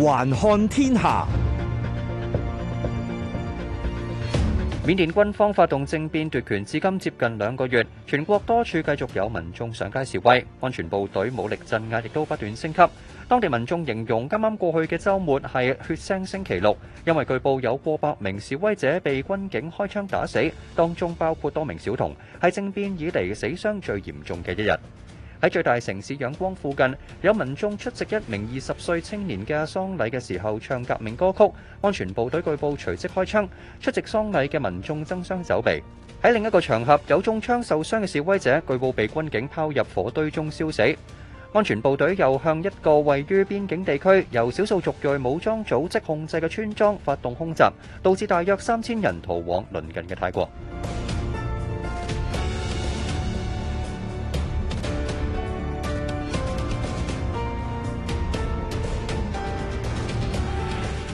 環看天下，緬甸軍方發動政變奪權至今接近兩個月，全國多處繼續有民眾上街示威，安全部隊武力鎮壓亦都不斷升級。當地民眾形容，啱啱過去嘅周末係血腥星期六，因為據報有過百名示威者被軍警開槍打死，當中包括多名小童，係政變以嚟死傷最嚴重嘅一日。喺最大城市仰光附近，有民眾出席一名二十歲青年嘅喪禮嘅時候唱革命歌曲，安全部隊據報隨即開槍。出席喪禮嘅民眾爭相走避。喺另一個場合，有中槍受傷嘅示威者據報被軍警拋入火堆中燒死。安全部隊又向一個位於邊境地區由少數族裔武裝組織控制嘅村莊發動空襲，導致大約三千人逃往鄰近嘅泰國。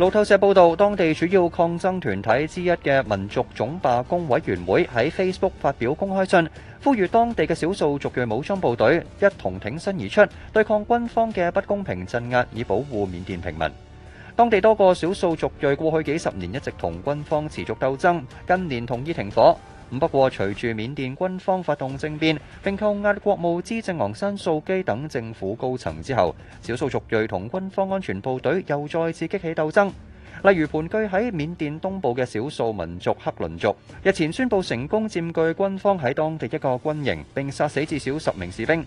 路透社報道，當地主要抗爭團體之一嘅民族總罷工委員會喺 Facebook 發表公開信，呼籲當地嘅少數族裔武裝部隊一同挺身而出，對抗軍方嘅不公平鎮壓，以保護緬甸平民。當地多個少數族裔過去幾十年一直同軍方持續鬥爭，近年同意停火。不過，隨住緬甸軍方發動政變，並扣押國務資政昂山素基等政府高層之後，少數族裔同軍方安全部隊又再次激起鬥爭。例如，盤踞喺緬甸東部嘅少數民族克倫族，日前宣布成功佔據軍方喺當地一個軍營，並殺死至少十名士兵。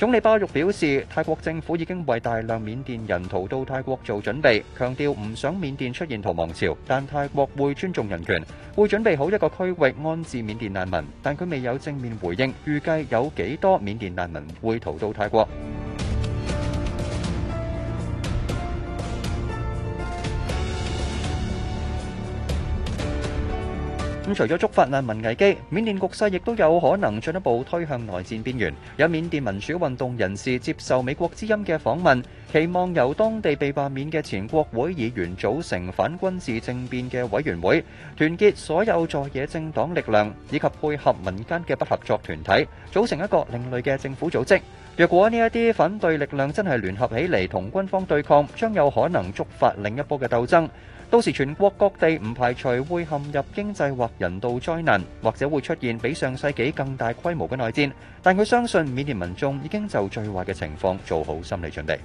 總理巴育表示，泰國政府已經為大量緬甸人逃到泰國做準備，強調唔想緬甸出現逃亡潮，但泰國會尊重人權，會準備好一個區域安置緬甸難民。但佢未有正面回應，預計有幾多緬甸難民會逃到泰國。除咗觸發難民危機，緬甸局勢亦都有可能進一步推向內戰邊緣。有緬甸民主運動人士接受美國之音嘅訪問，期望由當地被罷免嘅前國會議員組成反軍事政變嘅委員會，團結所有在野政黨力量，以及配合民間嘅不合作團體，組成一個另類嘅政府組織。若果呢一啲反對力量真係聯合起嚟同軍方對抗，將有可能觸發另一波嘅鬥爭。到時全國各地唔排除會陷入經濟或人道災難，或者會出現比上世紀更大規模嘅內戰。但佢相信緬甸民眾已經就最壞嘅情況做好心理準備。